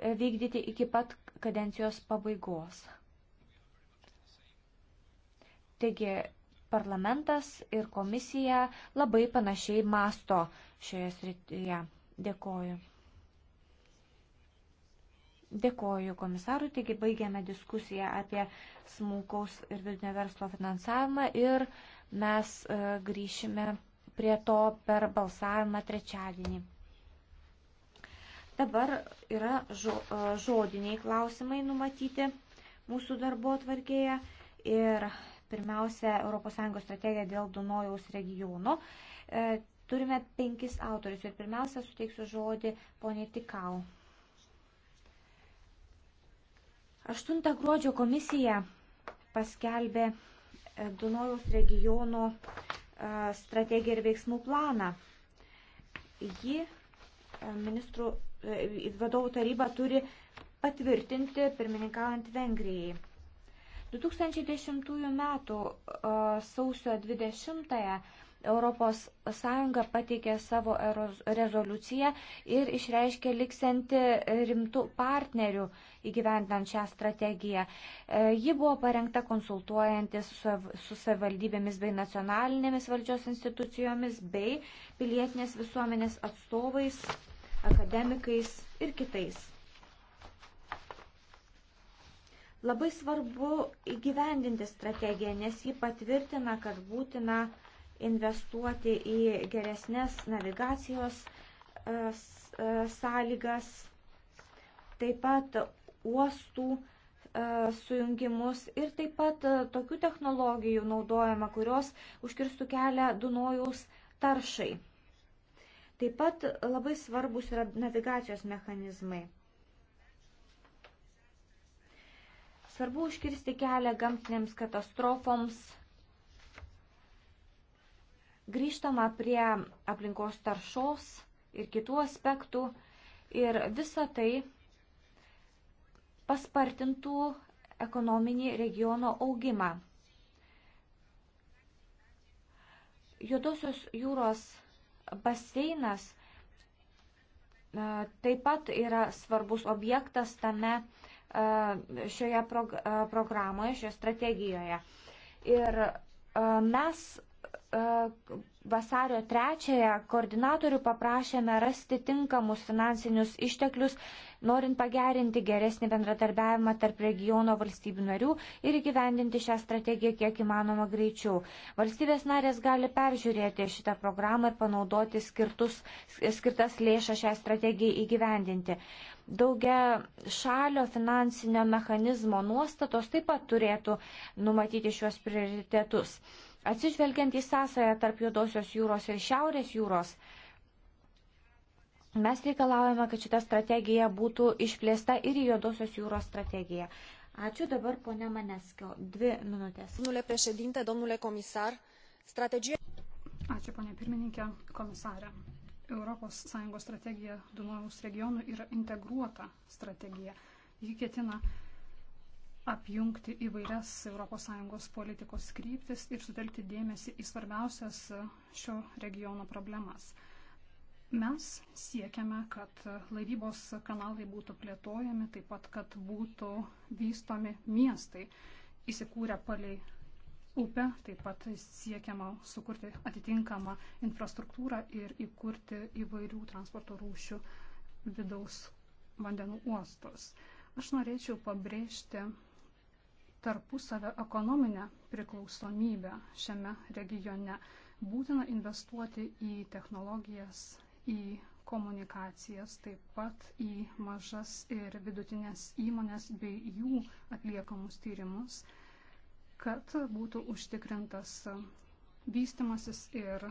vykdyti iki pat kadencijos pabaigos. Taigi parlamentas ir komisija labai panašiai masto šioje srityje. Dėkoju. Dėkoju komisarui, taigi baigiame diskusiją apie smulkaus ir vidutinio verslo finansavimą ir mes e, grįšime prie to per balsavimą trečiadienį. Dabar yra žo, žodiniai klausimai numatyti mūsų darbo atvarkėje ir pirmiausia ES strategija dėl Dunojaus regiono. E, turime penkis autorius ir pirmiausia suteiksiu žodį poniai Tikau. 8 gruodžio komisija paskelbė e, Dunojaus regiono e, strategiją ir veiksmų planą. Ji ministrų E, vadovų taryba turi patvirtinti pirmininkaujant Vengrijai. 2010 m. E, sausio 20-ąją Europos Sąjunga pateikė savo rezoliuciją ir išreiškė liksenti rimtų partnerių įgyvendant šią strategiją. E, ji buvo parengta konsultuojantis su savivaldybėmis bei nacionalinėmis valdžios institucijomis bei pilietinės visuomenės atstovais akademikais ir kitais. Labai svarbu įgyvendinti strategiją, nes ji patvirtina, kad būtina investuoti į geresnės navigacijos e, e, sąlygas, taip pat uostų e, sujungimus ir taip pat tokių technologijų naudojama, kurios užkirstų kelią Dunojaus taršai. Taip pat labai svarbus yra navigacijos mechanizmai. Svarbu užkirsti kelią gamtinėms katastrofoms. Grįžtama prie aplinkos taršos ir kitų aspektų ir visa tai paspartintų ekonominį regiono augimą. Juodosios jūros Baseinas taip pat yra svarbus objektas tame šioje prog programoje, šioje strategijoje. Ir mes vasario trečiąją koordinatorių paprašėme rasti tinkamus finansinius išteklius norint pagerinti geresnį bendradarbiavimą tarp regiono valstybių narių ir įgyvendinti šią strategiją kiek įmanoma greičiau. Valstybės narės gali peržiūrėti šitą programą ir panaudoti skirtus, skirtas lėšas šią strategiją įgyvendinti. Daugia šalio finansinio mechanizmo nuostatos taip pat turėtų numatyti šiuos prioritetus. Atsižvelgiant į sąsąją tarp Juodosios jūros ir Šiaurės jūros, Mes reikalaujame, kad šita strategija būtų išplėsta ir į Juodosios jūros strategiją. Ačiū dabar ponia Maneskio. Dvi minutės. Domnule prešedinte, domnule komisar, strategija. Ačiū ponia pirmininkė, komisarė. ES strategija Dunojaus regionų yra integruota strategija. Ji ketina apjungti įvairias ES politikos kryptis ir sutelkti dėmesį į svarbiausias šio regiono problemas. Mes siekiame, kad laivybos kanalai būtų plėtojami, taip pat, kad būtų vystomi miestai įsikūrę palei upę, taip pat siekiama sukurti atitinkamą infrastruktūrą ir įkurti įvairių transporto rūšių vidaus vandenų uostos. Aš norėčiau pabrėžti tarpusavę ekonominę priklausomybę šiame regione. Būtina investuoti į technologijas, į komunikacijas, taip pat į mažas ir vidutinės įmonės bei jų atliekamus tyrimus, kad būtų užtikrintas vystimasis ir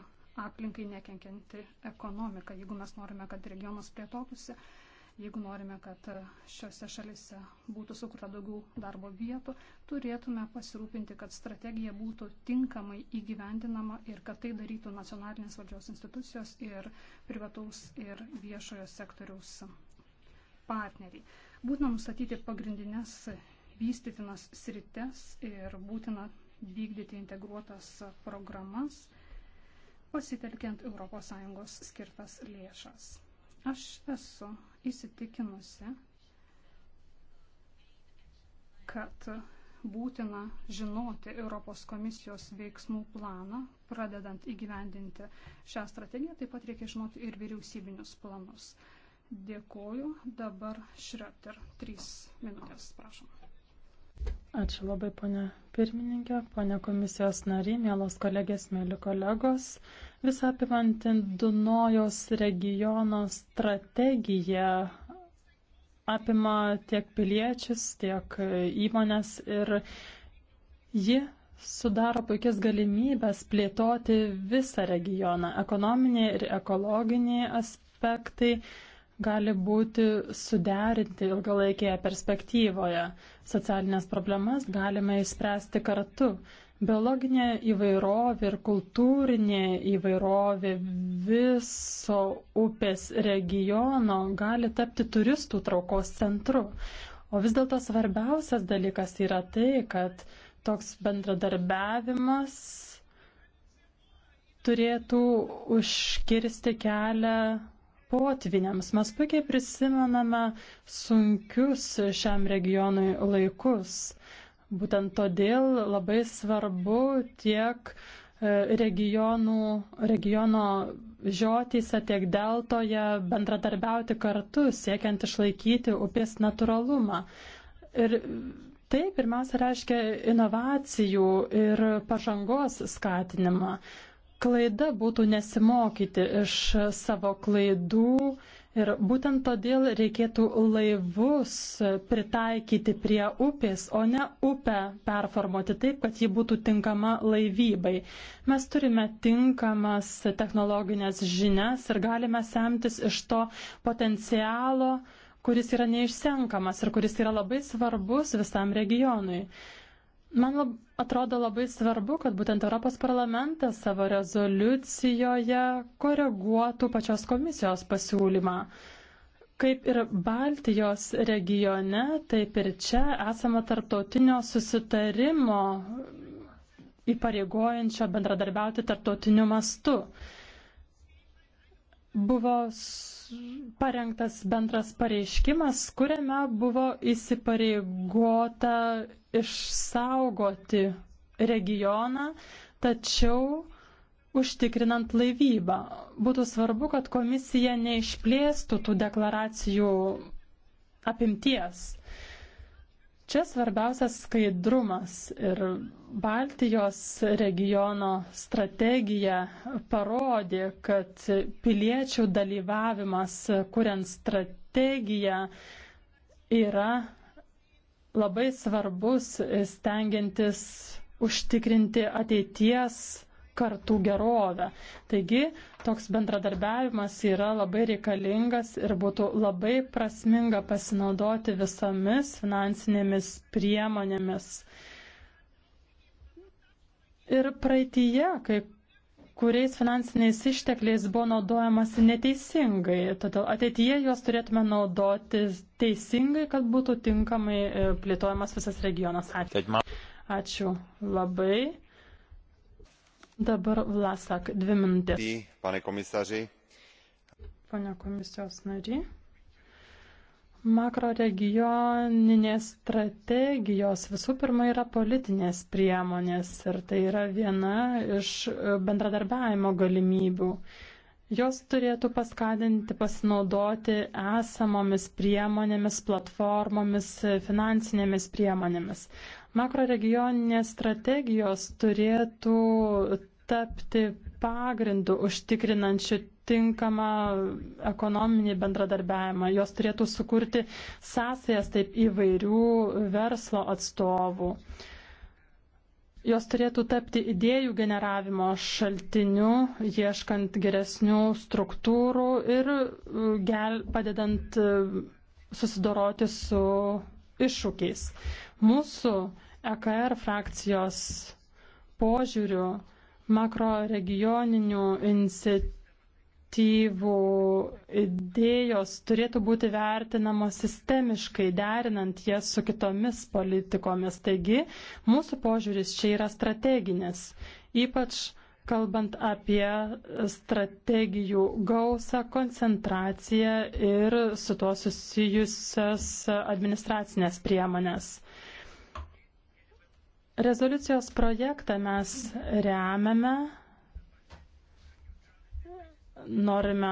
aplinkai nekenkianti ekonomika. Jeigu mes norime, kad regionas plėtotųsi, Jeigu norime, kad šiuose šalise būtų sukurta daugiau darbo vietų, turėtume pasirūpinti, kad strategija būtų tinkamai įgyvendinama ir kad tai darytų nacionalinės valdžios institucijos ir privataus ir viešojo sektoriaus partneriai. Būtina nustatyti pagrindinės vystytinas srites ir būtina vykdyti integruotas programas pasitelkiant ES skirtas lėšas. Aš esu įsitikinusi, kad būtina žinoti Europos komisijos veiksmų planą, pradedant įgyvendinti šią strategiją, taip pat reikia žinoti ir vyriausybinius planus. Dėkoju, dabar Šreter, trys minutės, prašom. Ačiū labai, ponė pirmininkė, ponė komisijos nariai, mielos kolegės, mėly kolegos. Visą apimantį Dunojos regiono strategiją apima tiek piliečius, tiek įmonės ir ji sudaro puikias galimybės plėtoti visą regioną. Ekonominiai ir ekologiniai aspektai gali būti suderinti ilgalaikėje perspektyvoje. Socialinės problemas galime išspręsti kartu. Biologinė įvairovė ir kultūrinė įvairovė viso upės regiono gali tapti turistų traukos centru. O vis dėlto svarbiausias dalykas yra tai, kad toks bendradarbiavimas turėtų užkirsti kelią potviniams. Mes puikiai prisimename sunkius šiam regionui laikus. Būtent todėl labai svarbu tiek e, regionų, regiono žiotyse, tiek deltoje bendradarbiauti kartu, siekiant išlaikyti upės natūralumą. Ir tai pirmiausia reiškia inovacijų ir pažangos skatinimą. Klaida būtų nesimokyti iš savo klaidų ir būtent todėl reikėtų laivus pritaikyti prie upės, o ne upę performuoti taip, kad ji būtų tinkama laivybai. Mes turime tinkamas technologinės žinias ir galime semtis iš to potencialo, kuris yra neišsenkamas ir kuris yra labai svarbus visam regionui. Man lab, atrodo labai svarbu, kad būtent Europos parlamentas savo rezoliucijoje koreguotų pačios komisijos pasiūlymą. Kaip ir Baltijos regione, taip ir čia esama tarptautinio susitarimo įpareigojančio bendradarbiauti tarptautiniu mastu. Buvo parengtas bendras pareiškimas, kuriame buvo įsipareigota išsaugoti regioną, tačiau užtikrinant laivybą. Būtų svarbu, kad komisija neišplėstų tų deklaracijų apimties. Čia svarbiausias skaidrumas ir Baltijos regiono strategija parodė, kad piliečių dalyvavimas, kuriant strategiją, yra labai svarbus stengiantis užtikrinti ateities kartų gerovę. Taigi toks bendradarbiavimas yra labai reikalingas ir būtų labai prasminga pasinaudoti visomis finansinėmis priemonėmis. Ir praeitįje, kai kuriais finansiniais ištekliais buvo naudojamasi neteisingai, todėl ateityje juos turėtume naudoti teisingai, kad būtų tinkamai e, plėtojamas visas regionas. Ačiū. Ačiū labai. Dabar Vlasak, dvi minutės. Pane komisaři. Pane komisijos nary. Makroregioninės strategijos visų pirma yra politinės priemonės ir tai yra viena iš e, bendradarbiavimo galimybių. Jos turėtų paskatinti pasinaudoti esamomis priemonėmis, platformomis, finansinėmis priemonėmis. Makroregioninės strategijos turėtų tapti pagrindu užtikrinančiu tinkamą ekonominį bendradarbiavimą. Jos turėtų sukurti sąsajas taip įvairių verslo atstovų. Jos turėtų tapti idėjų generavimo šaltiniu, ieškant geresnių struktūrų ir uh, gel, padedant uh, susidoroti su iššūkiais. Mūsų EKR frakcijos požiūrių makro regioninių iniciatyvų idėjos turėtų būti vertinamos sistemiškai, derinant jas su kitomis politikomis. Taigi, mūsų požiūris čia yra strateginis, ypač kalbant apie strategijų gausą, koncentraciją ir su tuo susijusias administracinės priemonės. Rezoliucijos projektą mes remiame, norime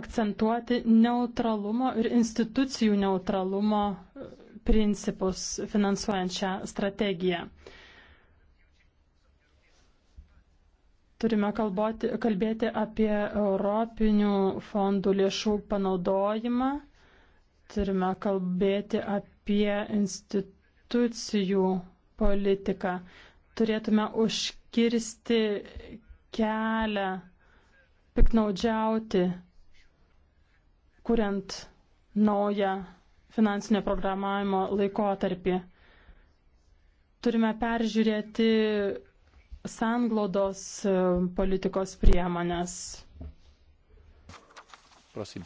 akcentuoti neutralumo ir institucijų neutralumo principus finansuojant šią strategiją. Turime kalboti, kalbėti apie Europinių fondų lėšų panaudojimą, turime kalbėti apie institucijų politiką. Turėtume užkirsti kelią piknaudžiauti, kuriant naują finansinio programavimo laikotarpį. Turime peržiūrėti sanglodos e, politikos priemonės. Prosim.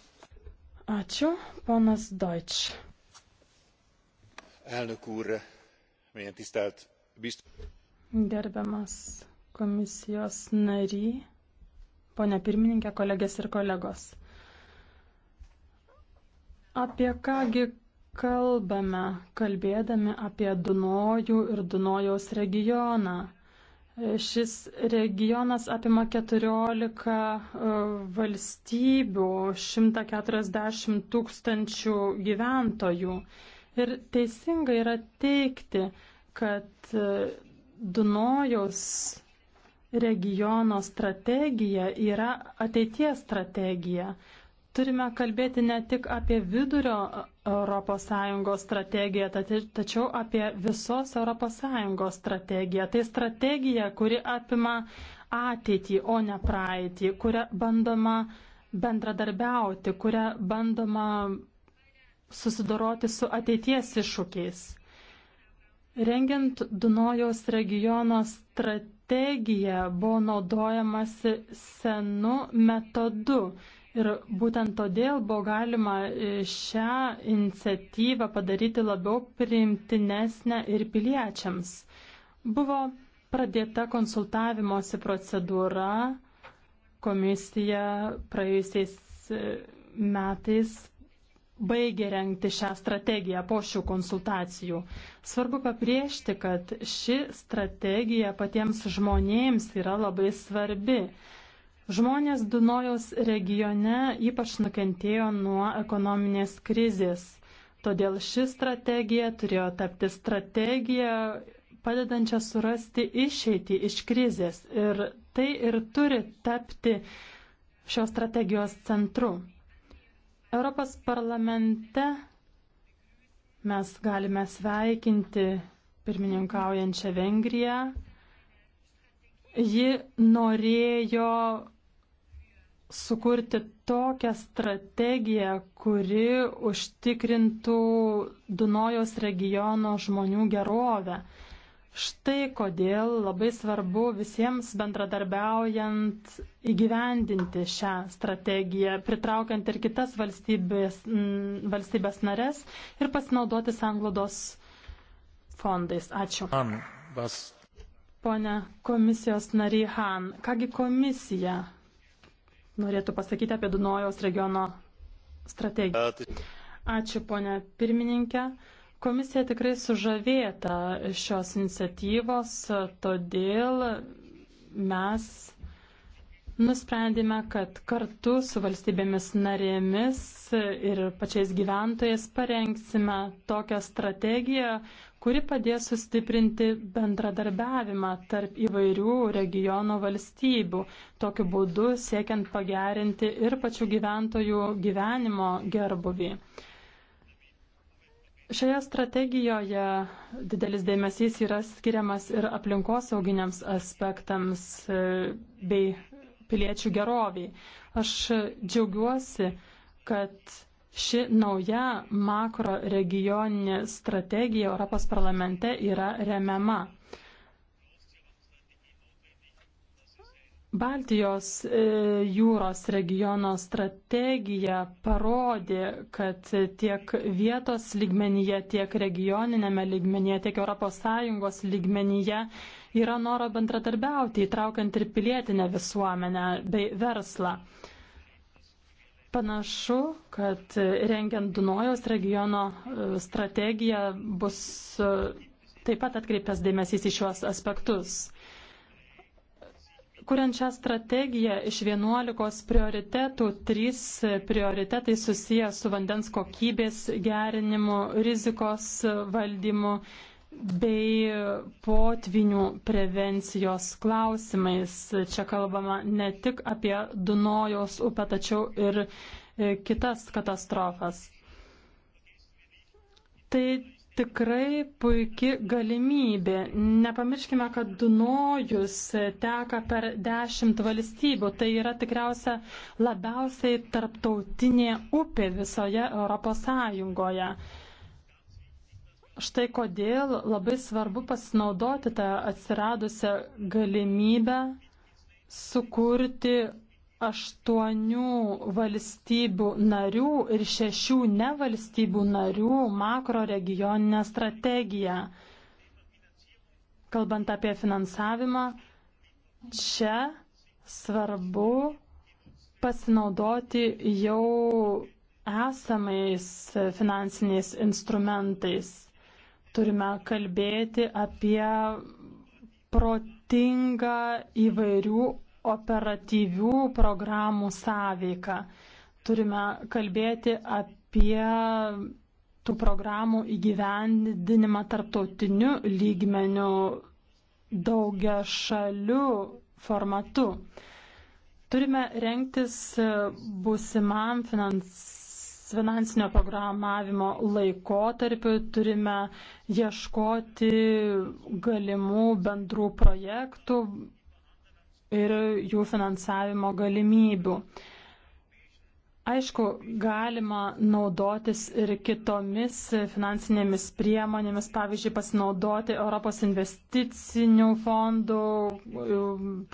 Ačiū, ponas Deutsch. Elnök úr, milyen tisztelt biztos. Gerbiamas komisijos nary, ponia pirmininkė, kolegės ir kolegos. Apie kągi kalbame, kalbėdami apie Dunojų ir Dunojaus regioną. Šis regionas apima 14 e, valstybių, 140 tūkstančių gyventojų. Ir teisinga yra teikti, kad e, Dunojaus regiono strategija yra ateities strategija. Turime kalbėti ne tik apie vidurio ES strategiją, tačiau apie visos ES strategiją. Tai strategija, kuri apima ateitį, o ne praeitį, kuria bandoma bendradarbiauti, kuria bandoma susidoroti su ateities iššūkiais. Rengiant Dunojaus regiono strategiją buvo naudojamasi senu metodu ir būtent todėl buvo galima e, šią iniciatyvą padaryti labiau priimtinesnę ir piliečiams. Buvo pradėta konsultavimosi procedūra, komisija praėjusiais e, metais baigė renkti šią strategiją po šių konsultacijų. Svarbu pabrėžti, kad ši strategija patiems žmonėms yra labai svarbi. Žmonės Dunojaus regione ypač nukentėjo nuo ekonominės krizės. Todėl ši strategija turėjo tapti strategija padedančią surasti išeitį iš krizės. Ir tai ir turi tapti šios strategijos centru. Europos parlamente mes galime sveikinti pirmininkaujančią Vengriją. Ji norėjo sukurti tokią strategiją, kuri užtikrintų Dunojaus regiono žmonių gerovę. Štai kodėl labai svarbu visiems bendradarbiaujant įgyvendinti šią strategiją, pritraukiant ir kitas valstybės, m, mm, valstybės narės ir pasinaudoti sanglodos fondais. Ačiū. Man, bas. Pone komisijos nariai Han, kągi komisija norėtų pasakyti apie Dunojaus regiono strategiją. Tai- Ačiū, ponė pirmininkė. Komisija tikrai sužavėta šios iniciatyvos, todėl mes nusprendėme, kad kartu su valstybėmis narėmis ir pačiais gyventojais parengsime tokią strategiją, kuri padės sustiprinti bendradarbiavimą tarp įvairių regiono valstybių, tokiu būdu siekiant pagerinti ir pačių gyventojų gyvenimo gerbuvį. Šioje strategijoje didelis dėmesys yra skiriamas ir aplinkosauginiams aspektams e, bei piliečių geroviai. Aš džiaugiuosi, kad ši nauja makro regioninė strategija Europos parlamente yra remiama. Baltijos e, jūros regiono strategija parodė, kad tiek vietos lygmenyje, tiek regioninėme lygmenyje, tiek ES lygmenyje yra noro bendradarbiauti, įtraukiant ir pilietinę visuomenę bei verslą. Panašu, kad rengiant Dunojaus regiono e, strategiją bus e, taip pat atkreipęs dėmesys į šiuos aspektus. Kuriant šią strategiją iš 11 prioritetų, 3 prioritetai susiję su vandens kokybės gerinimu, rizikos valdymu bei potvinių prevencijos klausimais. Čia kalbama ne tik apie Dunojaus upę, tačiau ir e, kitas katastrofas. Tai tikrai puikia galimybė. Nepamirškime, kad Dunojus teka per dešimt valstybių. Tai yra tikriausia labiausiai tarptautinė upė visoje Europos Sąjungoje. Štai kodėl labai svarbu pasinaudoti tą atsiradusią galimybę sukurti aštuonių valstybių narių ir šešių nevalstybių narių makro regioninę strategiją. Kalbant apie finansavimą, čia svarbu pasinaudoti jau esamais finansiniais instrumentais. Turime kalbėti apie protingą įvairių operatyvių programų sąveiką. Turime kalbėti apie tų programų įgyvendinimą tarptautiniu lygmeniu daugia šalių formatu. Turime renktis būsimam finansavimui finansinio programavimo laikotarpiu turime ieškoti galimų bendrų projektų, ir jų finansavimo galimybių. Aišku, galima naudotis ir kitomis finansinėmis priemonėmis, pavyzdžiui, pasinaudoti Europos investicinių fondų,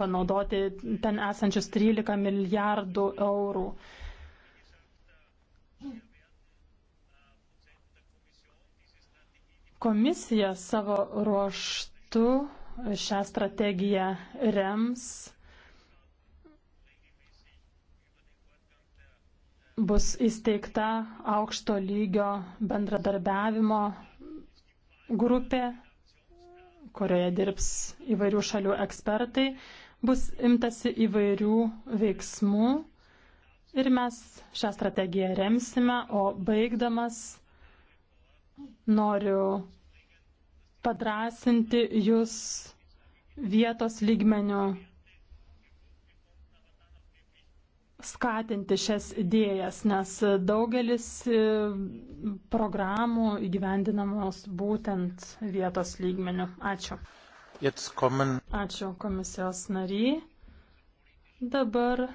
panaudoti ten esančius 13 milijardų eurų. Komisija savo ruoštų šią strategiją rems. Bus įsteigta aukšto lygio bendradarbiavimo grupė, kurioje dirbs įvairių šalių ekspertai. Bus imtasi įvairių veiksmų ir mes šią strategiją remsime, o baigdamas noriu padrasinti jūs vietos lygmenio skatinti šias idėjas, nes daugelis e, programų įgyvendinamos būtent vietos lygmenių. Ačiū. Ačiū komisijos nariai. Dabar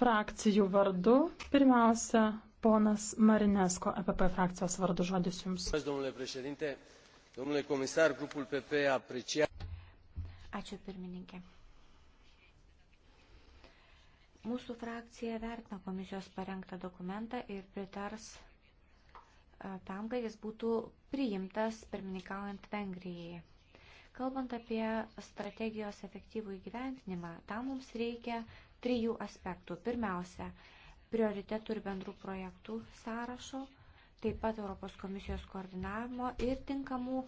frakcijų vardu. Pirmiausia, ponas Marinesko, EPP frakcijos vardu žodis jums. Aš, Domnule comisar, grupul PP aprecia. Ačiū pirmininkė. Mūsų frakcija vertina komisijos parengtą dokumentą ir pritars e, tam, kad jis būtų priimtas pirmininkaujant Vengrijai. Kalbant apie strategijos efektyvų įgyventinimą, tam mums reikia trijų aspektų. Pirmiausia, prioritetų ir bendrų projektų sąrašo, taip pat Europos komisijos koordinavimo ir tinkamų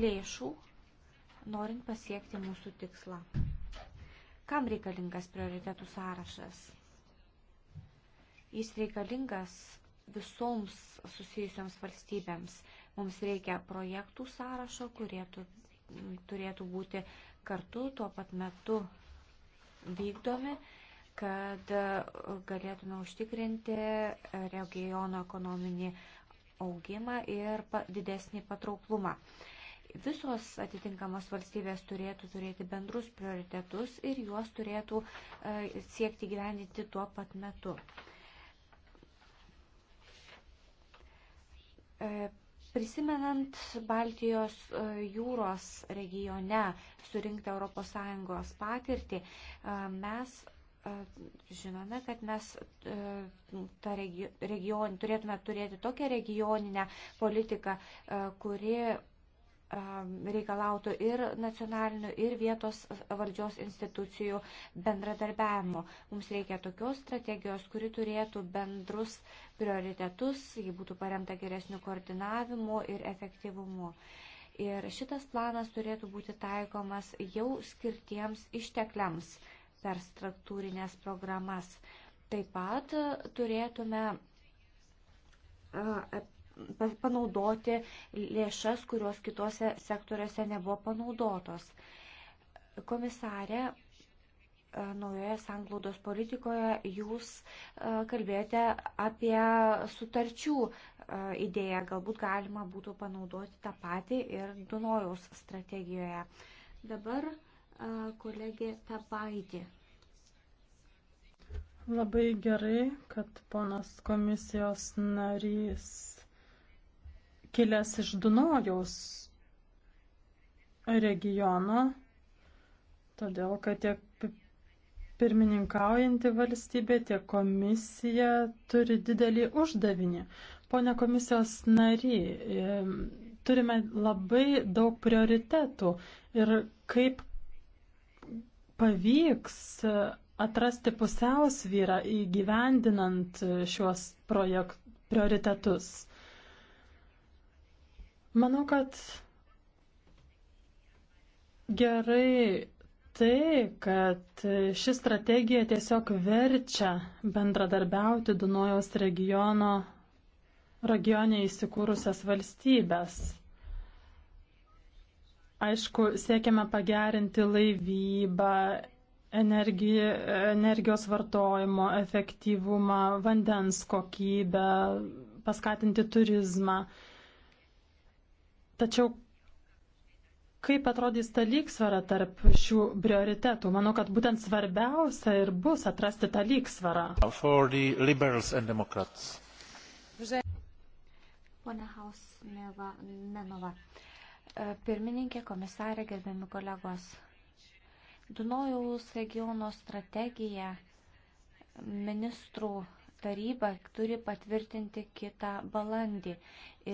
lėšų, norint pasiekti mūsų tikslą. Kam reikalingas prioritetų sąrašas? Jis reikalingas visoms susijusioms valstybėms. Mums reikia projektų sąrašo, kurie turėtų būti kartu tuo pat metu vykdomi, kad galėtume užtikrinti regiono ekonominį uh, augimą ir didesnį patrauklumą. Visos atitinkamos valstybės turėtų turėti bendrus prioritetus ir juos turėtų e, siekti gyveninti tuo pat metu. E, prisimenant Baltijos e, jūros regione surinktą ES patirtį, mes žinome, kad mes e, tą region, turėtume turėti tokią regioninę politiką, e, kuri reikalautų ir nacionalinių, ir vietos valdžios institucijų bendradarbiavimo. Mums reikia tokios strategijos, kuri turėtų bendrus prioritetus, ji būtų paremta geresniu koordinavimu ir efektyvumu. Ir šitas planas turėtų būti taikomas jau skirtiems ištekliams per struktūrinės programas. Taip pat e, turėtume e, panaudoti lėšas, kurios kitose sektoriuose nebuvo panaudotos. Komisarė, e, naujoje sanglaudos politikoje jūs kalbėjote apie sutarčių idėją. Galbūt galima būtų panaudoti tą patį ir Dunojaus strategijoje. Dabar kolegė Tabaitė. Labai gerai, kad ponas komisijos narys kilęs iš Dunojaus regiono, todėl kad tiek pirmininkaujanti valstybė, tiek komisija turi didelį uždavinį. Pone komisijos nary, turime labai daug prioritetų ir kaip pavyks atrasti pusiausvyrą įgyvendinant šiuos projekt, prioritetus. Manau, kad gerai tai, kad ši strategija tiesiog verčia bendradarbiauti Dunojaus regiono regione įsikūrusias valstybės. Aišku, siekiame pagerinti laivybą, energiją, energijos vartojimo efektyvumą, vandens kokybę, paskatinti turizmą. Tačiau kaip atrodys ta lygsvara tarp šių prioritetų? Manau, kad būtent svarbiausia ir bus atrasti tą lygsvarą. Pone Hausneva Menova. E, pirmininkė, komisarė, gerbiami kolegos. Dunojaus regiono strategija ministrų taryba turi patvirtinti kitą balandį.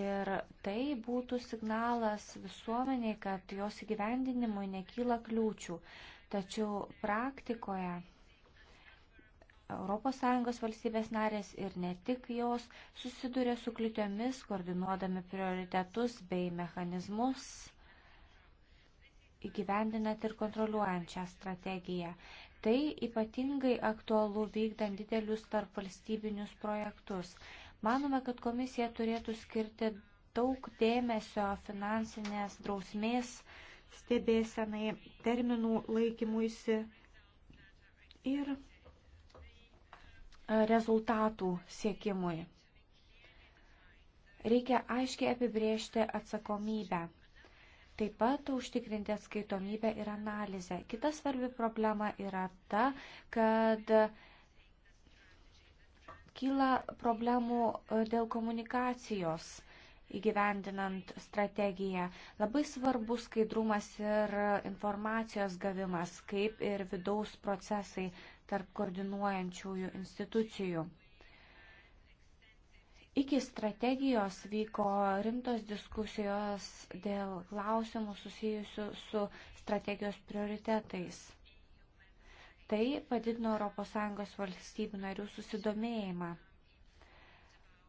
Ir tai būtų signalas visuomeniai, kad jos įgyvendinimui nekyla kliūčių. Tačiau praktikoje ES valstybės narės ir ne tik jos susiduria su kliūtiomis, koordinuodami prioritetus bei mechanizmus, įgyvendinant ir kontroliuojant šią strategiją. Tai ypatingai aktualu vykdant didelius tarp valstybinius projektus. Manome, kad komisija turėtų skirti daug dėmesio finansinės drausmės stebėsenai, terminų laikymuisi ir rezultatų siekimui. Reikia aiškiai apibriežti atsakomybę. Taip pat užtikrinti atskaitomybę ir analizę. Kita svarbi problema yra ta, kad kyla problemų e, dėl komunikacijos įgyvendinant strategiją. Labai svarbus skaidrumas ir informacijos gavimas, kaip ir vidaus procesai tarp koordinuojančiųjų institucijų. Iki strategijos vyko rimtos diskusijos dėl klausimų susijusių su strategijos prioritetais. Tai padidino ES valstybių narių susidomėjimą.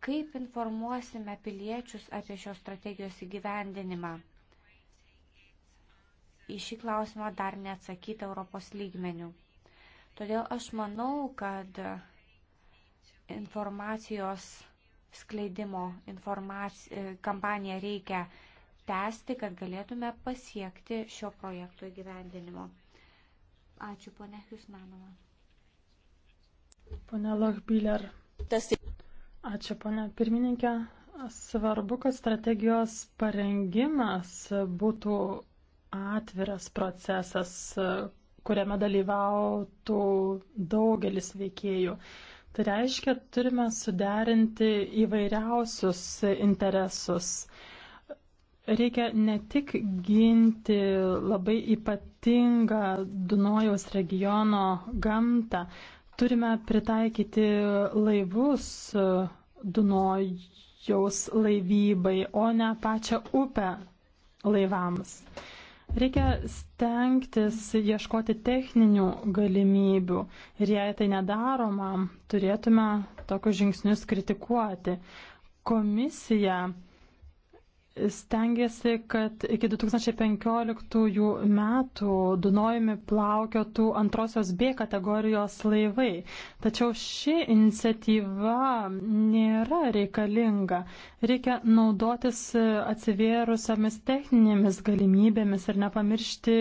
Kaip informuosime piliečius apie šios strategijos įgyvendinimą? Į šį klausimą dar neatsakyta Europos lygmenių. Todėl aš manau, kad informacijos skleidimo informaci e, kampaniją reikia tęsti, kad galėtume pasiekti šio projekto įgyvendinimo. Ačiū, ponė Husmanova. Pone Lochbiller. Ačiū, ponė pirmininkė. Svarbu, kad strategijos parengimas būtų atviras procesas, kuriame dalyvautų daugelis veikėjų. Tai reiškia, turime suderinti įvairiausius interesus. Reikia ne tik ginti labai ypatingą Dunojaus regiono gamtą, turime pritaikyti laivus Dunojaus laivybai, o ne pačią upę laivams. Reikia stengtis ieškoti techninių galimybių ir jei tai nedaroma, turėtume tokius žingsnius kritikuoti. Komisija stengiasi, kad iki 2015 metų Dunojumi plaukiotų antrosios B kategorijos laivai. Tačiau ši iniciatyva nėra reikalinga. Reikia naudotis atsivėrusiamis techninėmis galimybėmis ir nepamiršti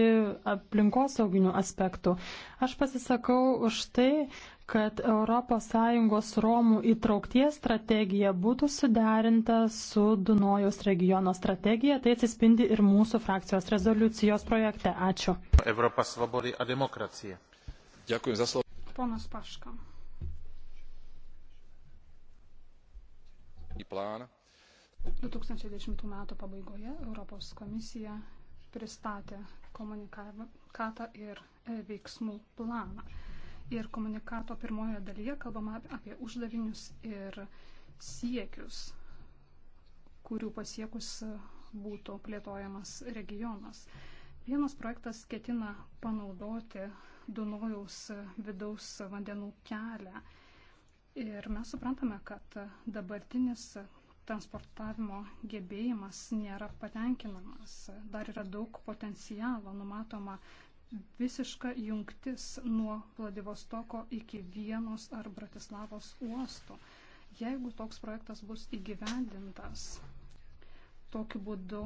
aplinkosauginių aspektų. Aš pasisakau už tai, kad ES Romų įtraukties strategija būtų suderinta su Dunojaus regiono strategija. Tai atsispindi ir mūsų frakcijos rezoliucijos projekte. Ačiū. Europa svobodai a demokracija. Dėkui za slovo. Ponas Paška. Į planą. 2010 m. pabaigoje Europos komisija pristatė komunikatą ir veiksmų planą. Ir komunikato pirmojoje dalyje kalbama apie uždavinius ir siekius, kurių pasiekus būtų plėtojamas regionas. Vienas projektas ketina panaudoti Dunojaus vidaus vandenų kelią. Ir mes suprantame, kad dabartinis transportavimo gebėjimas nėra patenkinamas. Dar yra daug potencialo numatoma visiška jungtis nuo Vladivostoko iki Vienos ar Bratislavos uosto. Jeigu toks projektas bus įgyvendintas, tokiu būdu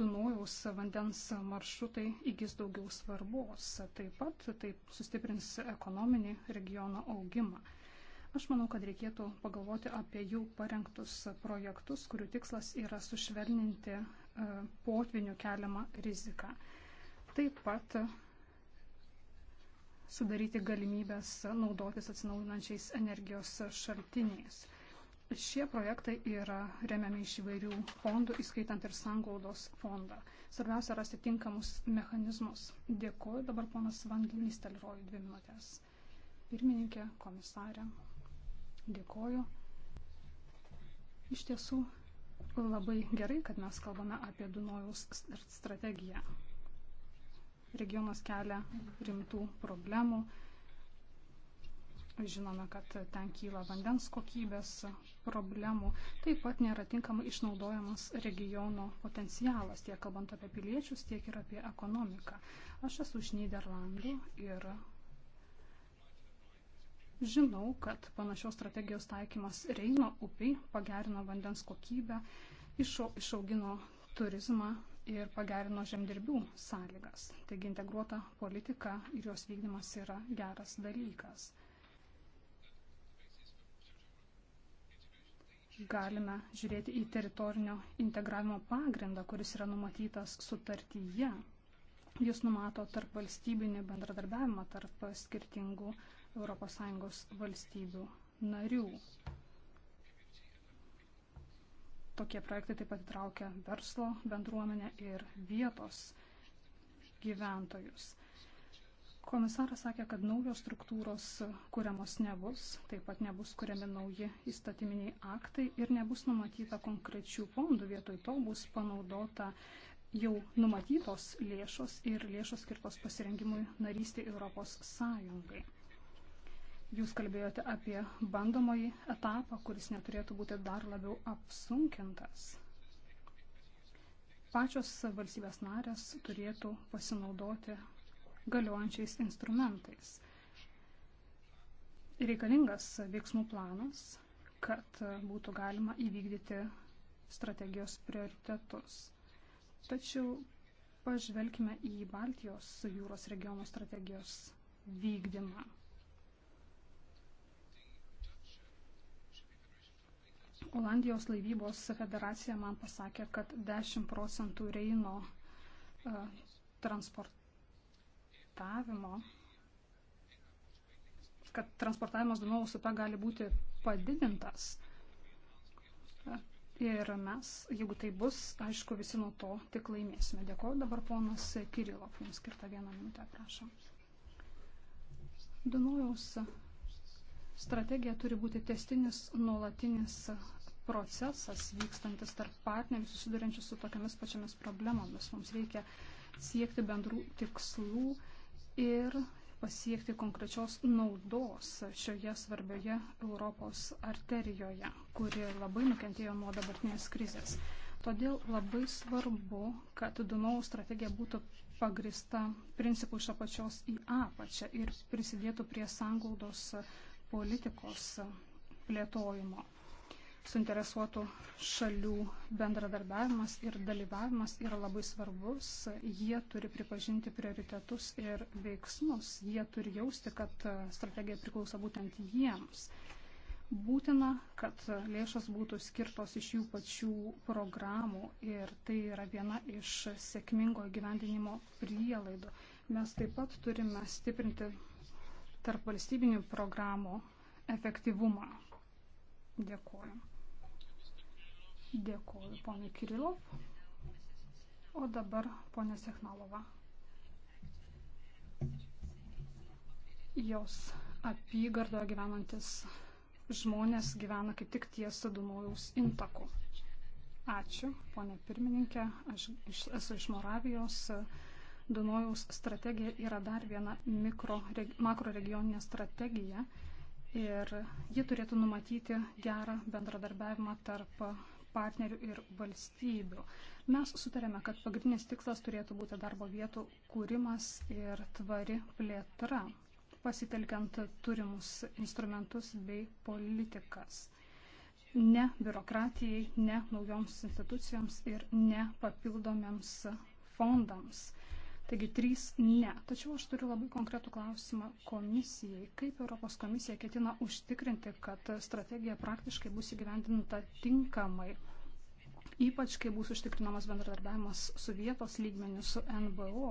Dunojaus vandens maršrutai įgis daugiau svarbos. Taip pat taip sustiprins ekonominį regiono augimą. Aš manau, kad reikėtų pagalvoti apie jų parengtus projektus, kurių tikslas yra sušvelninti e, potvinių keliamą riziką. Taip pat sudaryti galimybės naudotis atsinaujinančiais energijos šaltiniais. Šie projektai yra remiami iš įvairių fondų, įskaitant ir sanglaudos fondą. Svarbiausia rasti tinkamus mechanizmus. Dėkuoju dabar ponas Vanginys Telirojų dvi minutės. Pirmininkė, komisarė, dėkuoju. Iš tiesų labai gerai, kad mes kalbame apie Dunojaus strategiją regionas kelia rimtų problemų. Žinome, kad ten kyla vandens kokybės problemų. Taip pat nėra tinkamai išnaudojamas regiono potencialas, tiek kalbant apie piliečius, tiek ir apie ekonomiką. Aš esu iš Niderlandų ir žinau, kad panašios strategijos taikymas Reino upiai pagerino vandens kokybę, išaugino turizmą ir pagerino žemdirbių sąlygas. Taigi integruota politika ir jos vykdymas yra geras dalykas. Galime žiūrėti į teritorinio integravimo pagrindą, kuris yra numatytas sutartyje. Jis numato tarp valstybinį bendradarbiavimą tarp skirtingų ES valstybių narių. Tokie projektai taip pat įtraukia verslo bendruomenę ir vietos gyventojus. Komisaras sakė, kad naujos struktūros kuriamos nebus, taip pat nebus kuriami nauji įstatyminiai aktai ir nebus numatyta konkrečių fondų, vietoj to bus panaudota jau numatytos lėšos ir lėšos skirtos pasirengimui narystį Europos Sąjungai. Jūs kalbėjote apie bandomąjį etapą, kuris neturėtų būti dar labiau apsunkintas. Pačios valstybės narės turėtų pasinaudoti galiojančiais instrumentais. Reikalingas veiksmų planas, kad būtų galima įvykdyti strategijos prioritetus. Tačiau pažvelkime į Baltijos jūros regiono strategijos vykdymą. Olandijos laivybos federacija man pasakė, kad 10 procentų Reino e, transportavimo, kad transportavimas Dunojaus upe gali būti padidintas. E, ir mes, jeigu tai bus, aišku, visi nuo to tik laimėsime. Dėkuoju dabar ponas Kirilov, jums skirta vieną minutę, prašom. Dunojaus strategija turi būti testinis, nuolatinis procesas vykstantis tarp partnerių susiduriančių su tokiamis pačiamis problemomis. Mums reikia siekti bendrų tikslų ir pasiekti konkrečios naudos šioje svarbioje Europos arterijoje, kuri labai nukentėjo nuo dabartinės krizės. Todėl labai svarbu, kad Dunaus strategija būtų pagrista principų iš apačios į apačią ir prisidėtų prie sanglaudos politikos plėtojimo suinteresuotų šalių bendradarbiavimas ir dalyvavimas yra labai svarbus. Jie turi pripažinti prioritetus ir veiksmus. Jie turi jausti, kad strategija priklauso būtent jiems. Būtina, kad lėšos būtų skirtos iš jų pačių programų ir tai yra viena iš sėkmingo gyvendinimo prielaidų. Mes taip pat turime stiprinti tarp valstybinių programų efektyvumą. Dėkuoju. Dėkuoju, ponė Kirilov. O dabar ponė Sechnalova. Jos apygardoje gyvenantis žmonės gyvena kaip tik ties Dunojaus intaku. Ačiū, ponė pirmininkė. Aš iš, esu iš Moravijos. Dunojaus strategija yra dar viena mikro, reg, makro regioninė strategija ir ji turėtų numatyti gerą bendradarbiavimą tarp partnerių ir valstybių. Mes sutarėme, kad pagrindinis tikslas turėtų būti darbo vietų kūrimas ir tvari plėtra, pasitelkiant turimus instrumentus bei politikas. Ne biurokratijai, ne naujoms institucijoms ir ne papildomiams fondams. Taigi trys ne. Tačiau aš turiu labai konkretų klausimą komisijai. Kaip Europos komisija ketina užtikrinti, kad strategija praktiškai bus įgyvendinta tinkamai, ypač kai bus užtikrinamas bendradarbiavimas su vietos lygmeniu, su NBO,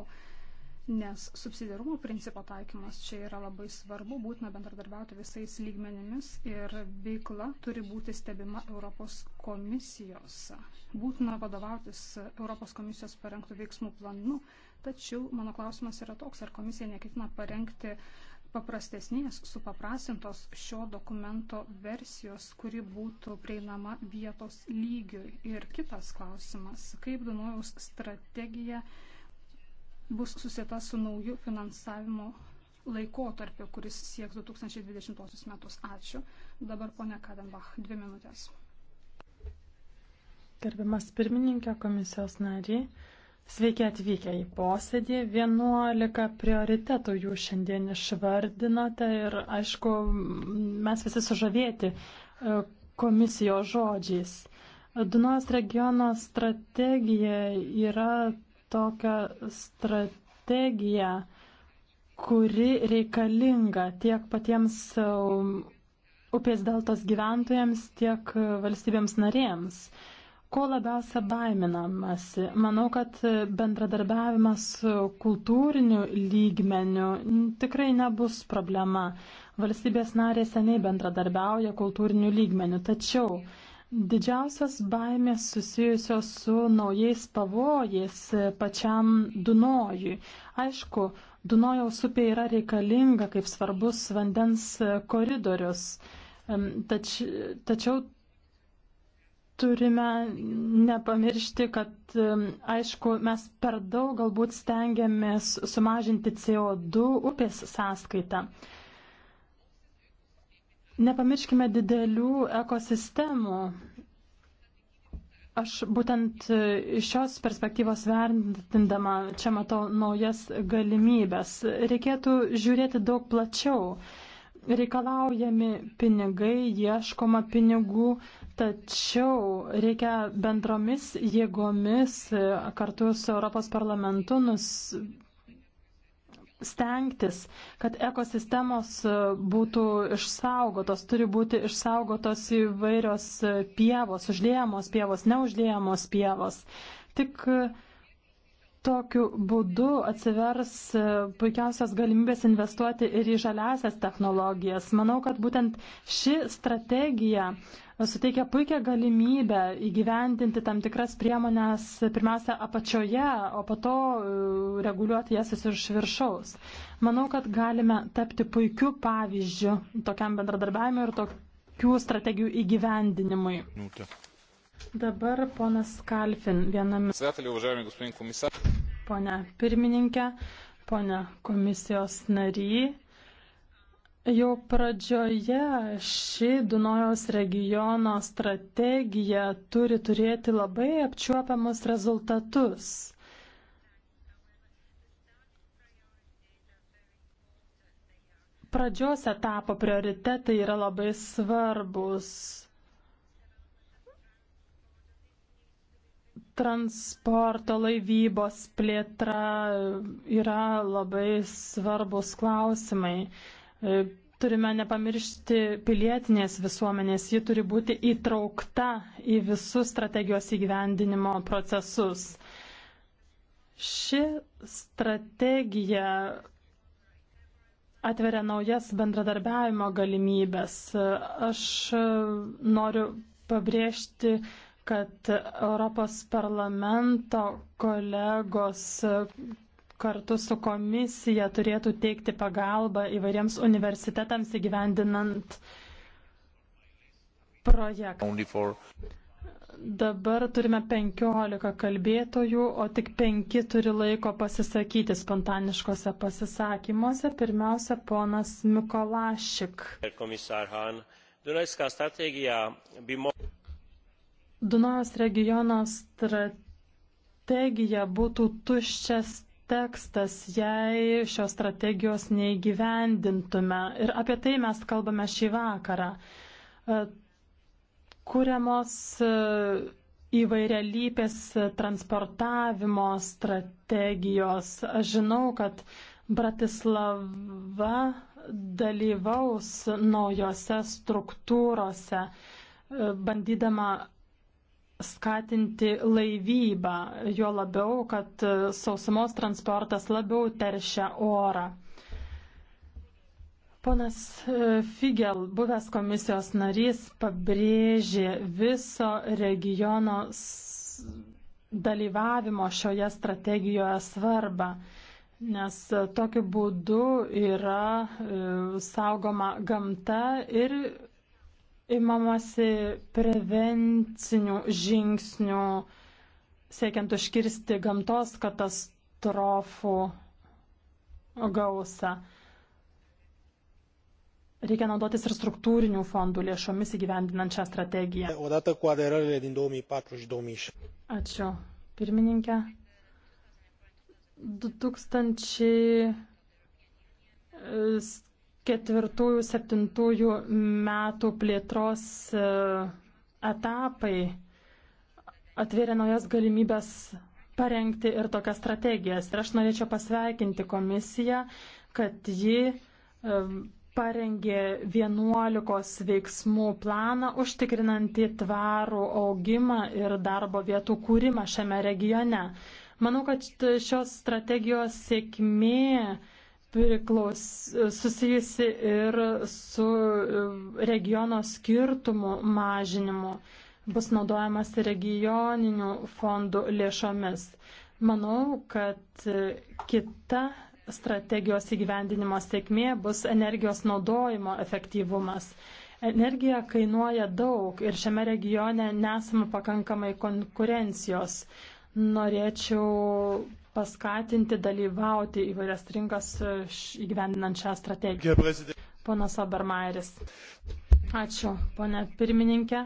nes subsidiarumo principo taikymas čia yra labai svarbu, būtina bendradarbiauti visais lygmenimis ir veikla turi būti stebima Europos komisijos. Būtina vadovautis Europos komisijos parengtų veiksmų planu Tačiau mano klausimas yra toks, ar komisija neketina parengti paprastesnės, supaprastintos šio dokumento versijos, kuri būtų prieinama vietos lygiui. Ir kitas klausimas, kaip Dunojaus strategija bus susieta su nauju finansavimo laikotarpiu, kuris sieks 2020 metus. Ačiū. Dabar ponia Kadenbach, dvi minutės. Gerbiamas pirmininkė, komisijos nariai, Sveiki atvykę į posėdį. 11 prioritetų jūs šiandien išvardinote ir, aišku, mes visi sužavėti e, komisijos žodžiais. Dunojos regiono strategija yra tokia strategija, kuri reikalinga tiek patiems e, upės deltos gyventojams, tiek e, valstybėms narėms. Ko labiausia baiminamasi? Manau, kad bendradarbiavimas kultūriniu lygmeniu tikrai nebus problema. Valstybės narės seniai bendradarbiauja kultūriniu lygmeniu, tačiau Didžiausias baimės susijusios su naujais pavojais pačiam Dunojui. Aišku, Dunojaus upė yra reikalinga kaip svarbus vandens koridorius, tač, tačiau turime nepamiršti, kad aišku, mes per daug galbūt stengiamės sumažinti CO2 upės sąskaitą. Nepamirškime didelių ekosistemų. Aš būtent iš šios perspektyvos vertindama čia matau naujas galimybės. Reikėtų žiūrėti daug plačiau reikalaujami pinigai, ieškoma pinigų, tačiau reikia bendromis jėgomis e, kartu su Europos parlamentu nus stengtis, kad ekosistemos e, būtų išsaugotos, turi būti išsaugotos įvairios pievos, uždėjamos pievos, neuždėjamos pievos. Tik Tokiu būdu atsivers e, puikiausios galimybės investuoti ir į žaliasias technologijas. Manau, kad būtent ši strategija e, suteikia puikią galimybę įgyvendinti tam tikras priemonės pirmiausia apačioje, o po to e, reguliuoti jas iš viršaus. Manau, kad galime tapti puikiu pavyzdžiu tokiam bendradarbiavimui ir tokių strategijų įgyvendinimui. Nu, ta. Dabar ponas Kalfin viename. Pone pirmininkė, pone komisijos nary. Jau pradžioje ši Dunojaus regiono strategija turi turėti labai apčiuopiamus rezultatus. Pradžios etapo prioritetai yra labai svarbus. transporto laivybos plėtra yra labai svarbus klausimai. E, turime nepamiršti pilietinės visuomenės, ji turi būti įtraukta į visus strategijos įgyvendinimo procesus. Ši strategija atveria naujas bendradarbiavimo galimybės. Aš noriu pabrėžti kad Europos parlamento kolegos kartu su komisija turėtų teikti pagalbą įvairiems universitetams įgyvendinant projektą. Dabar turime 15 kalbėtojų, o tik 5 turi laiko pasisakyti spontaniškose pasisakymuose. Pirmiausia, ponas Mikolašik. Komisar Han, Dunajska strategija bimo... Dunajos regiono strategija būtų tuščias tekstas, jei šios strategijos neįgyvendintume. Ir apie tai mes kalbame šį vakarą. E, kuriamos e, įvairialypės transportavimo strategijos. Aš žinau, kad Bratislava dalyvaus naujose struktūrose, e, bandydama skatinti laivybą, jo labiau, kad sausumos transportas labiau teršia orą. Ponas Figel, buvęs komisijos narys, pabrėžė viso regiono dalyvavimo šioje strategijoje svarbą, nes tokiu būdu yra e, saugoma gamta ir imamasi prevencinių žingsnių siekiant užkirsti gamtos katastrofų gausą. Reikia naudotis ir struktūrinių fondų lėšomis įgyvendinant šią strategiją. Odată cu aderările din 2004 și 2006. Ačiū, pirmininkė. 2000 ketvirtųjų-septintųjų metų plėtros e, etapai atvėrė naujas galimybės parengti ir tokias strategijas. Ir aš norėčiau pasveikinti komisiją, kad ji e, parengė 11 veiksmų planą užtikrinantį tvarų augimą ir darbo vietų kūrimą šiame regione. Manau, kad šios strategijos sėkmė priklaus, susijusi ir su um, regiono skirtumų mažinimu. Bus naudojamas regioninių fondų lėšomis. Manau, kad e, kita strategijos įgyvendinimo sėkmė bus energijos naudojimo efektyvumas. Energija kainuoja daug ir šiame regione nesame pakankamai konkurencijos. Norėčiau paskatinti dalyvauti įvairias rinkas e, įgyvendinant šią strategiją. Ponas Obermaeris. Ačiū, ponė pirmininkė.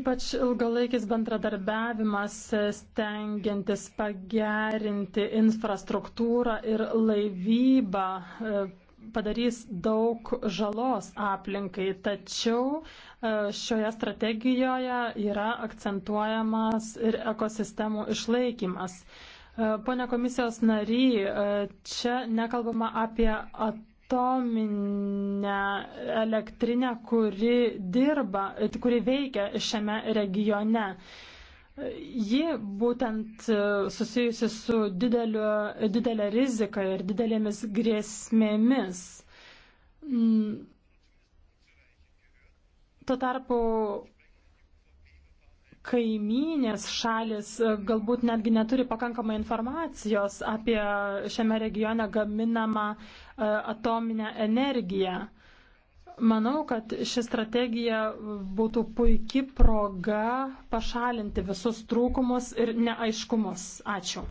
Ypač ilgalaikis bendradarbiavimas e, stengiantis pagerinti infrastruktūrą ir laivybą e, padarys daug žalos aplinkai, tačiau e, šioje strategijoje yra akcentuojamas ir ekosistemų išlaikymas. E, pone komisijos nary, e, čia nekalbama apie atominę elektrinę, kuri dirba, kuri veikia šiame regione. Ji būtent e, susijusi su dideliu, didelė rizika ir didelėmis grėsmėmis. Mm. Tuo tarpu kaimynės šalis e, galbūt netgi neturi pakankamai informacijos apie šiame regione gaminamą e, atominę energiją. Manau, kad ši strategija būtų puikia proga pašalinti visus trūkumus ir neaiškumus. Ačiū.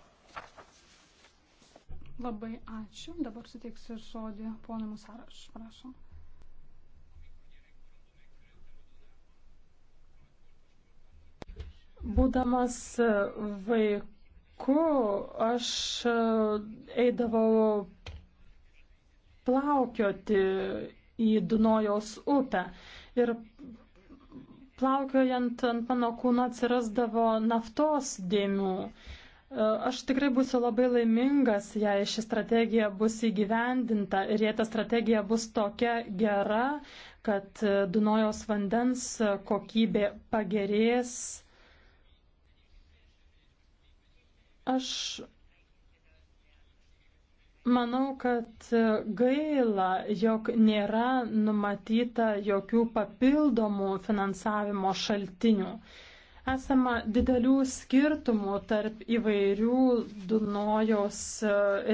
Labai ačiū. Dabar suteiksiu žodį ponui Musaraš. Prašom. Būdamas vaiku, aš eidavau plaukioti į Dunojaus upę. Ir plaukiojant ant mano kūno atsirasdavo naftos dėmių. E, aš tikrai būsiu labai laimingas, jei ši strategija bus įgyvendinta ir jei ta strategija bus tokia gera, kad e, Dunojos vandens e, kokybė pagerės. Aš Manau, kad gaila, jog nėra numatyta jokių papildomų finansavimo šaltinių. Esama didelių skirtumų tarp įvairių Dunojaus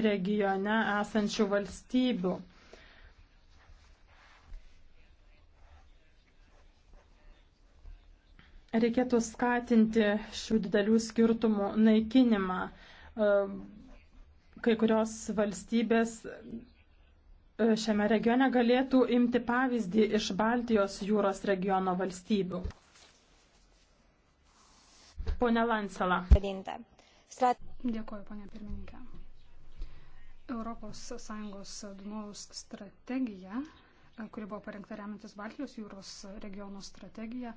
regione esančių valstybių. Reikėtų skatinti šių didelių skirtumų naikinimą kai kurios valstybės e, šiame regione galėtų imti pavyzdį iš Baltijos jūros regiono valstybių. Pone Lansela. Dėkuoju, ponė pirmininkė. ES Dunojaus strategija, kuri buvo parengta remiantis Baltijos jūros regiono strategija,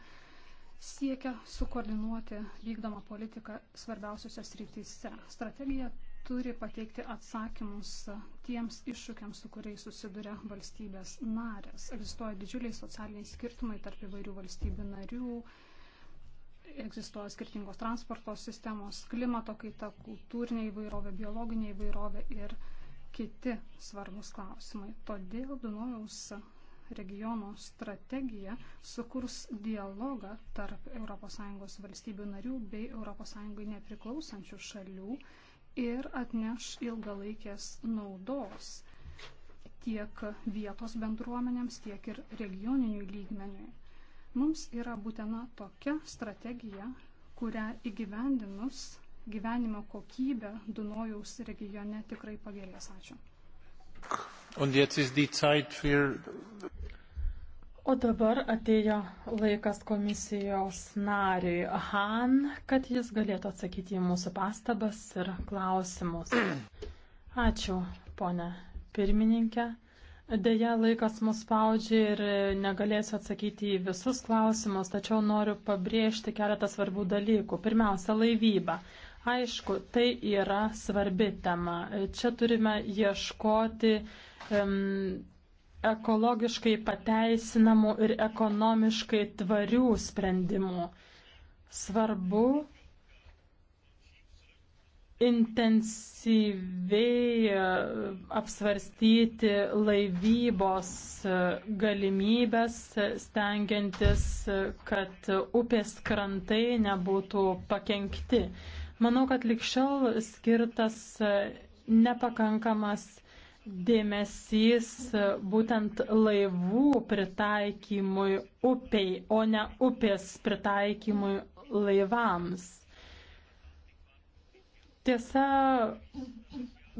siekia sukoordinuoti vykdomą politiką svarbiausiuose srityse. Strategija turi pateikti atsakymus tiems iššūkiams, su kuriais susiduria valstybės narės. Egzistuoja didžiuliai socialiniai skirtumai tarp įvairių valstybių narių, egzistuoja skirtingos transporto sistemos, klimato kaita, kultūrinė įvairovė, biologinė įvairovė ir kiti svarbus klausimai. Todėl Dunojaus regiono strategija sukurs dialogą tarp ES valstybių narių bei ES nepriklausančių šalių ir atneš ilgalaikės naudos tiek vietos bendruomenėms, tiek ir regioninių lygmeniui. Mums yra būtina tokia strategija, kurią įgyvendinus gyvenimo kokybė Dunojaus regione tikrai pagerės. Ačiū. Für... O dabar atėjo laikas komisijos nariui Han, kad jis galėtų atsakyti į mūsų pastabas ir klausimus. Ačiū, ponė pirmininkė. Deja, laikas mus spaudžia ir negalėsiu atsakyti į visus klausimus, tačiau noriu pabrėžti keletą svarbių dalykų. Pirmiausia, laivyba. Aišku, tai yra svarbi tema. Čia turime ieškoti um, ekologiškai pateisinamų ir ekonomiškai tvarių sprendimų. Svarbu intensyviai e, apsvarstyti laivybos e, galimybės, e, stengiantis, kad upės krantai nebūtų pakenkti. Manau, kad likščiau skirtas nepakankamas dėmesys būtent laivų pritaikymui upei, o ne upės pritaikymui laivams. Tiesa,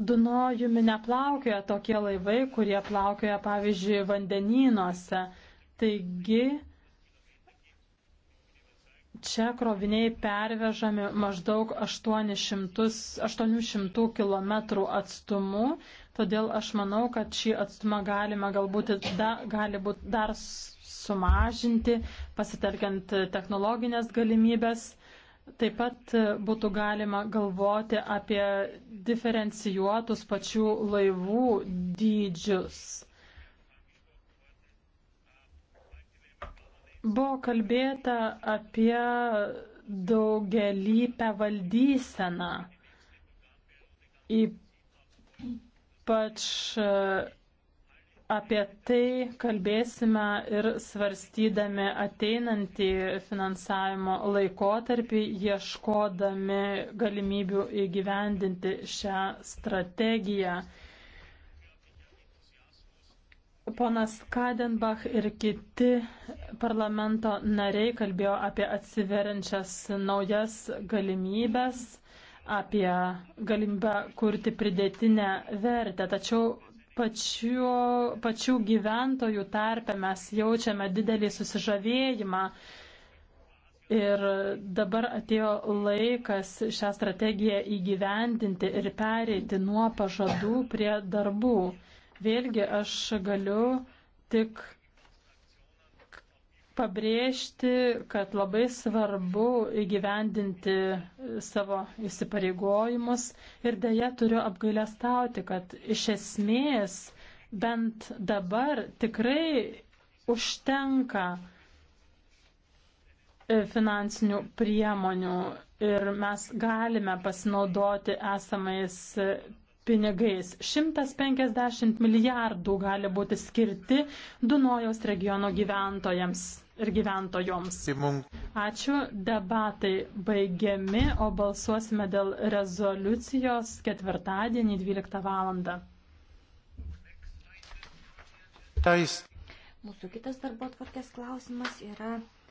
Dunojumi neplaukioja tokie laivai, kurie plaukioja, pavyzdžiui, vandenynuose. Taigi, čia kroviniai pervežami maždaug 800, 800 km atstumu, Todėl aš manau, kad šį atstumą galima galbūt da, gali būt dar sumažinti, pasitelkiant technologinės galimybės. Taip pat būtų galima galvoti apie diferencijuotus pačių laivų dydžius. Buvo kalbėta apie daugelįpę valdyseną, į ypač e, apie tai kalbėsime ir svarstydami ateinantį finansavimo laikotarpį, ieškodami galimybių įgyvendinti šią strategiją. Ponas Kadenbach ir kiti parlamento nariai kalbėjo apie atsiveriančias naujas galimybės apie galimybę kurti pridėtinę vertę, tačiau pačių, pačių gyventojų tarpe mes jaučiame didelį susižavėjimą. Ir dabar atėjo laikas šią strategiją įgyvendinti ir pereiti nuo pažadų prie darbų. Vėlgi aš galiu tik pabrėžti, kad labai svarbu įgyvendinti savo įsipareigojimus ir dėja turiu apgailestauti, kad iš esmės bent dabar tikrai užtenka e, finansinių priemonių ir mes galime pasinaudoti esamais e, pinigais. 150 milijardų gali būti skirti Dunojaus regiono gyventojams ir gyventojoms. Ačiū, debatai baigiami, o balsuosime dėl rezoliucijos ketvirtadienį 12 val. Mūsų kitas darbo atvarkės klausimas yra